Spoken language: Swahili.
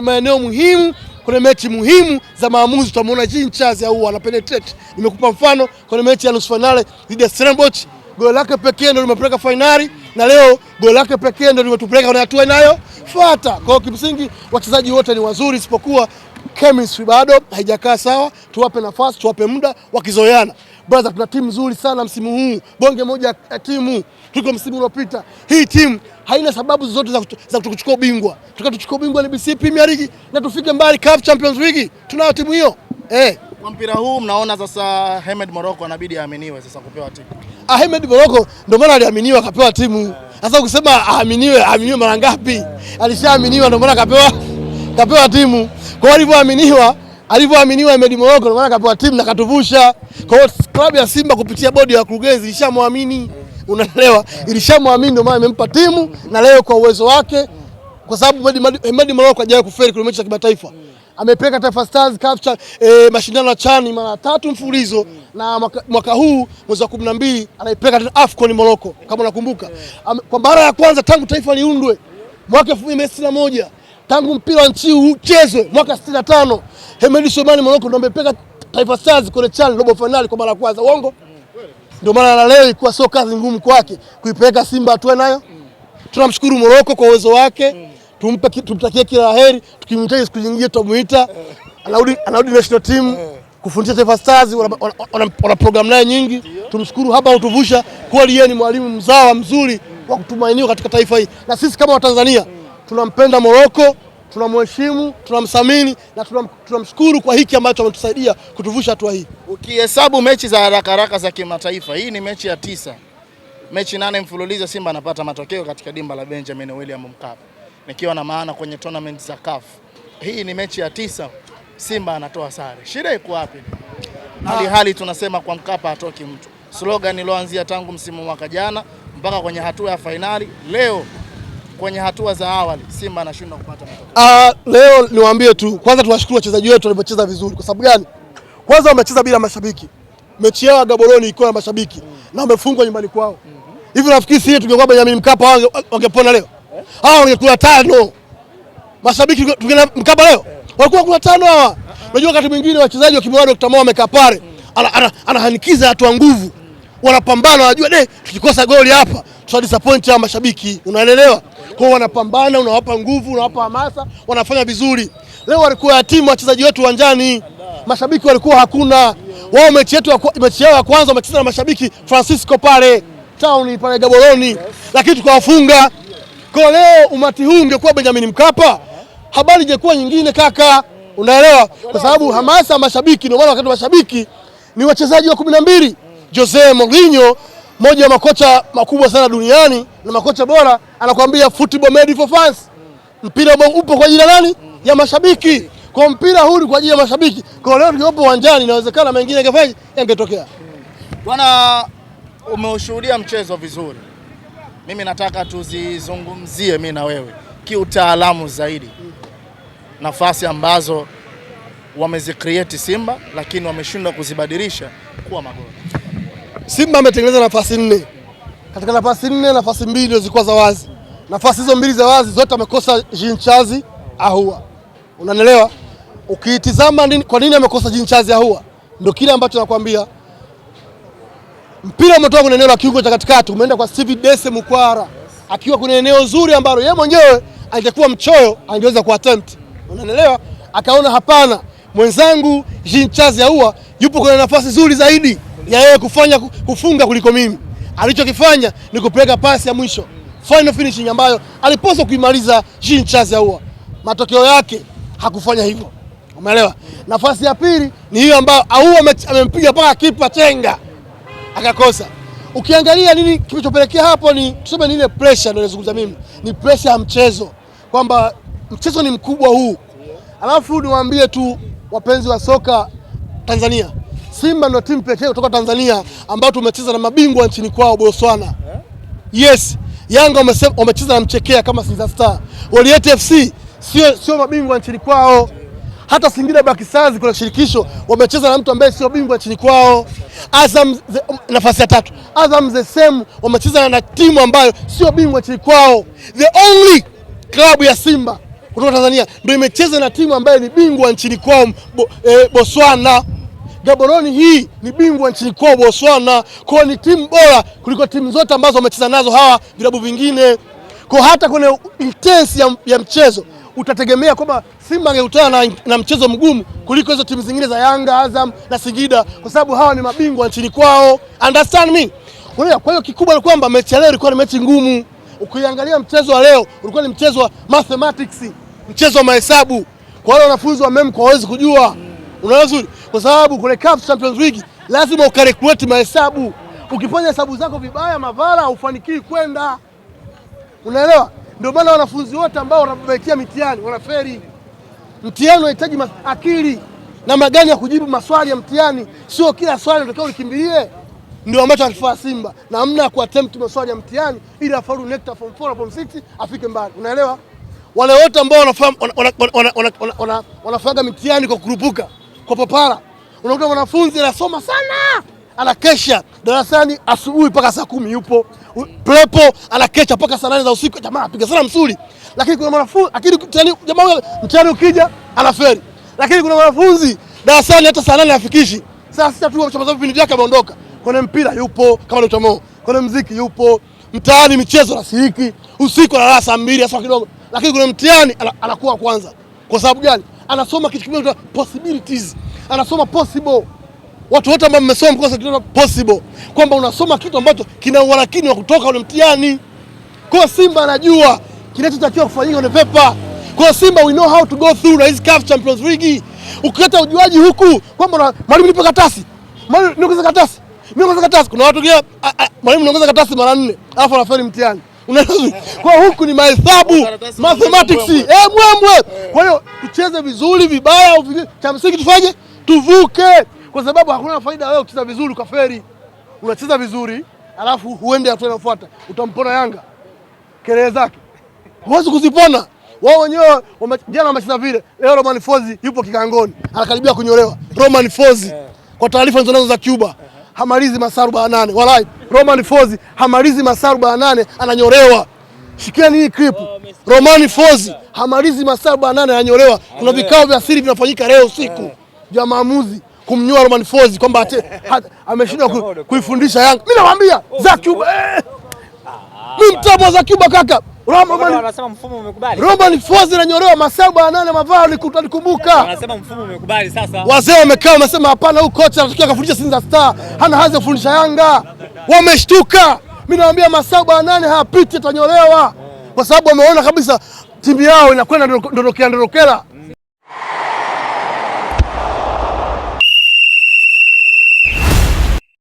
kuna maeneo muhimu, kuna mechi muhimu za maamuzi. Tutamwona Jean Charles au ana penetrate. Nimekupa mfano, kuna mechi ya nusu finali dhidi ya Stellenbosch, goli lake pekee ndio limepeleka fainali, na leo goli lake pekee ndio limetupeleka kwenye hatua inayofuata. Kwa hiyo kimsingi wachezaji wote ni wazuri, isipokuwa chemistry bado haijakaa sawa. Tuwape nafasi, tuwape muda, wakizoeana Brother, tuna timu nzuri sana msimu huu, bonge moja ya timu tuko msimu uliopita. Hii timu haina sababu zote za, za kuchukua ubingwa. Tukatuchukua ubingwa NBC Premier League na tufike mbali CAF Champions League, tunayo timu hiyo eh. Kwa mpira huu mnaona sasa Ahmed Morocco anabidi aaminiwe sasa kupewa timu. Ahmed Morocco ndio maana aliaminiwa akapewa timu. Sasa ukisema aaminiwe, aaminiwe mara ngapi? Alishaaminiwa ndio maana akapewa akapewa timu. Kwa hivyo alivyoaminiwa alivyoaminiwa Ahmed Moroko ndio maana akapewa timu na katuvusha. Kwa hiyo klabu ya Simba kupitia bodi ya wakurugenzi ilishamwamini, unaelewa, ilishamwamini ndio maana imempa timu, na leo kwa uwezo wake, kwa sababu Ahmed Moroko hajawahi kufeli kwenye mechi za kimataifa amepeleka Taifa Stars Cup cha e, mashindano ya chani mara tatu mfululizo yeah. Na mwaka, mwaka huu mwezi wa 12 na anaipeleka tena AFCON Morocco kama unakumbuka yeah. Kwa mara ya kwanza tangu taifa liundwe mwaka 1961 tangu mpira wa nchi uchezwe mwaka 65 Hemedi Shomani Moroko ndio amepeka Taifa Stars kwenye CHAN robo finali kwa mara ya kwanza. Uongo? Ndio maana na leo ilikuwa sio kazi ngumu kwake kuipeleka Simba tu nayo. Tunamshukuru Moroko kwa uwezo wake. Tumpe tumtakie kila laheri. Tukimhitaji siku nyingine tutamuita. Anarudi anarudi national team kufundisha Taifa Stars, wana program naye nyingi. Tumshukuru hapa utuvusha kwa yeye ni mwalimu mzawa mzuri wa kutumainiwa katika taifa hili na sisi kama Watanzania tunampenda Moroko, tunamheshimu, tunamthamini na tunamshukuru kwa hiki ambacho ametusaidia kutuvusha hatua hii. Ukihesabu mechi za haraka haraka za kimataifa, hii ni mechi ya tisa, mechi nane mfululizo Simba anapata matokeo katika dimba la Benjamin William Mkapa, nikiwa na maana kwenye tournament za CAF. Hii ni mechi ya tisa Simba anatoa sare, shida iko wapi? Hali hali tunasema kwa Mkapa atoki mtu, slogan iloanzia tangu msimu mwaka jana mpaka kwenye hatua ya fainali leo kwenye hatua za awali Simba anashindwa kupata matokeo. Ah, leo niwaambie tu kwanza, tuwashukuru wachezaji wetu walivyocheza vizuri. Kwa sababu gani? Kwanza wamecheza bila mashabiki, mechi yao Gaboroni ilikuwa na mashabiki mm. na wamefungwa nyumbani kwao mm hivi -hmm. Nafikiri sisi tungekuwa Benjamin Mkapa wangepona leo eh? Hawa wangekula tano mashabiki tungekuwa Mkapa leo eh. Walikuwa kula tano hawa. Ah, ah. Unajua uh -huh. Wakati mwingine wachezaji wa kimwado Dr. Mo amekaa pale mm. anahanikiza ana, ana, ana watu wa nguvu mm wanapambana, wanajua eh, tukikosa goli hapa tuta disappoint ya mashabiki, unaelewa? Kwa hiyo wanapambana, unawapa nguvu, unawapa hamasa, wanafanya vizuri. Leo walikuwa yatima wachezaji wetu uwanjani, mashabiki walikuwa hakuna wao. Mechi yetu mechi yao ya kwanza wamecheza na mashabiki Francisco pale town pale Gaboroni, lakini tukawafunga. Kwa leo umati huu ungekuwa Benjamin Mkapa, habari ingekuwa nyingine kaka, unaelewa? Kwa sababu hamasa mashabiki, ndio maana wakati mashabiki ni wachezaji wa kumi na mbili Jose Mourinho, moja ya makocha makubwa sana duniani na makocha bora, anakuambia football made for fans, mpira upo kwa ajili ya nani? Ya mashabiki. Kwa mpira huu kwa ajili ya mashabiki. Kwa leo tukiwepo uwanjani, inawezekana mengine yangefanyaje, yangetokea. Bwana, umeushuhudia mchezo vizuri, mimi nataka tuzizungumzie mimi na wewe kiutaalamu zaidi nafasi ambazo wamezicreate Simba lakini wameshindwa kuzibadilisha kuwa magoli. Simba ametengeneza nafasi nne, katika nafasi nne nafasi mbili ndio zilikuwa za wazi. Nafasi hizo mbili za wazi zote amekosa Jinchazi Ahua, unanielewa? Ukiitizama nini, kwa nini amekosa Jinchazi Ahua, ndio kile ambacho nakwambia. Mpira umetoka kwenye eneo la kiungo cha katikati umeenda kwa Steve Dese Mukwara, akiwa kwenye eneo zuri ambalo yeye mwenyewe angekuwa mchoyo angeweza kuattempt, unanielewa? Akaona hapana, mwenzangu Jinchazi Ahua yupo kwenye nafasi nzuri zaidi ya yeye kufanya kufunga kuliko mimi. Alichokifanya ni kupeleka pasi ya mwisho final finishing ambayo alipaswa kuimaliza Jean Charles Ahoua. Matokeo yake hakufanya hivyo, umeelewa? Nafasi ya pili ni hiyo ambayo Ahoua amempiga mpaka kipa chenga akakosa. Ukiangalia nini kilichopelekea hapo, ni tuseme ni ile pressure, ndio nilizungumza mimi, ni pressure ya mchezo kwamba mchezo ni mkubwa huu, alafu niwaambie tu wapenzi wa soka Tanzania Simba ndio timu pekee kutoka Tanzania ambayo tumecheza na mabingwa nchini kwao Botswana. Yes, Yanga wamecheza na mchekea kama Sinza Star. Waliete FC sio sio mabingwa nchini kwao. Hata Singida Black Stars kuna shirikisho wamecheza na mtu ambaye sio bingwa nchini kwao. Azam the, um, nafasi ya tatu. Azam the same wamecheza na timu ambayo sio bingwa nchini kwao. The only klabu ya Simba kutoka Tanzania ndio imecheza na timu ambayo ni bingwa nchini kwao eh, Botswana. Gaboroni hii ni bingwa nchini kwa Botswana, kwa ni timu bora kuliko timu zote ambazo wamecheza nazo hawa vilabu vingine. Kwa hata kwenye intensi ya, ya mchezo utategemea kwamba Simba angekutana na, na mchezo mgumu kuliko hizo timu zingine za Yanga, Azam na Singida, kwa sababu hawa ni mabingwa nchini kwao. Understand me? Kwa hiyo kikubwa ni kwamba mechi ya leo ilikuwa ni mechi ngumu. Ukiangalia mchezo wa leo ulikuwa ni mchezo wa mathematics, mchezo wa mahesabu. Kwa hiyo wanafunzi wa MEMKO hawawezi kujua unaona vizuri, kwa sababu kule CAF Champions League lazima ukalculate mahesabu. Ukifanya hesabu zako vibaya, Mavara haufanikii kwenda, unaelewa? Ndio maana wanafunzi wote ambao wanabakia mitihani wanaferi. Mtihani unahitaji akili na magani ya kujibu maswali ya mtihani, sio kila swali unatakiwa ulikimbilie. Ndio ambacho akifaa Simba, namna ya kuattempt maswali ya mtihani ili afaulu NECTA form 4 form 6 afike mbali, unaelewa? Wale wote ambao wanafanya wanafanya mitihani kwa kurupuka kwa papara. Unakuta mwanafunzi anasoma sana, anakesha darasani asubuhi mpaka saa kumi yupo prepo, anakesha mpaka saa nane za usiku. Jamaa apiga sana msuli, lakini kuna mwanafunzi akili, jamaa huyo mtihani ukija anafeli. Lakini kuna mwanafunzi darasani hata saa nane hafikishi, saa sita tu ameshamaliza vipindi vyake, ameondoka. Kwenye mpira yupo kama Dr. Mo, kwenye mziki yupo, mtaani michezo anashiriki, usiku analala saa mbili hasa kidogo, lakini kuna mtihani anakuwa kwanza. Kwa sababu gani? anasoma kitu kimoja possibilities, anasoma possible. Watu wote ambao mmesoma mkosa kitu possible, kwamba unasoma kitu ambacho kina uharakini wa kutoka ule mtihani. Kwa Simba anajua kinachotakiwa kufanyika ni pepa. Kwa Simba we know how to go through na hizi CAF Champions League. Ukileta ujuaji huku kwamba mwalimu nipe katasi, mwalimu niongeze katasi, niongeze katasi, kuna watu kia mwalimu niongeze katasi mara nne, alafu anafeli mtihani kwa huku ni mahesabu mathematics, eh mwemwe. Kwa hiyo tucheze vizuri, vibaya au cha msingi tufanye tuvuke, kwa sababu hakuna faida wewe kucheza vizuri feri. Unacheza vizuri alafu huende hatua inayofuata, utampona Yanga kelele zake huwezi kuzipona. Wao wenyewe jana wamecheza vile. Leo Roman Fozi yupo kikangoni anakaribia kunyolewa. Roman Fozi, eh. kwa taarifa nilizonazo za Cuba eh hamalizi masaa 48. Walai Roman Fozi hamalizi masaa 48, ananyolewa. Shikieni hii clip. Oh, Roman Fozi hamalizi masaa 48, ananyolewa. Kuna vikao vya siri vinafanyika leo usiku eh. vya maamuzi kumnyoa Roman Fozi kwamba ameshindwa kuifundisha Yanga. Mimi nawaambia oh, za Cuba, mimi eh! mtamwa za Cuba kaka. Wanasema mfumo umekubali. Roman Fozi na nyolewa masaa bwana nane mavao nikumbuka. Wanasema mfumo umekubali sasa. Wazee wamekaa wamesema hapana, huyu kocha anatakiwa kafundisha Sinza Star. Hana haja ya kufundisha Yanga. Wameshtuka. Mimi naambia masaa bwana nane hapiti atanyolewa. Kwa sababu wameona kabisa timu yao inakwenda ndorokea ndorokela.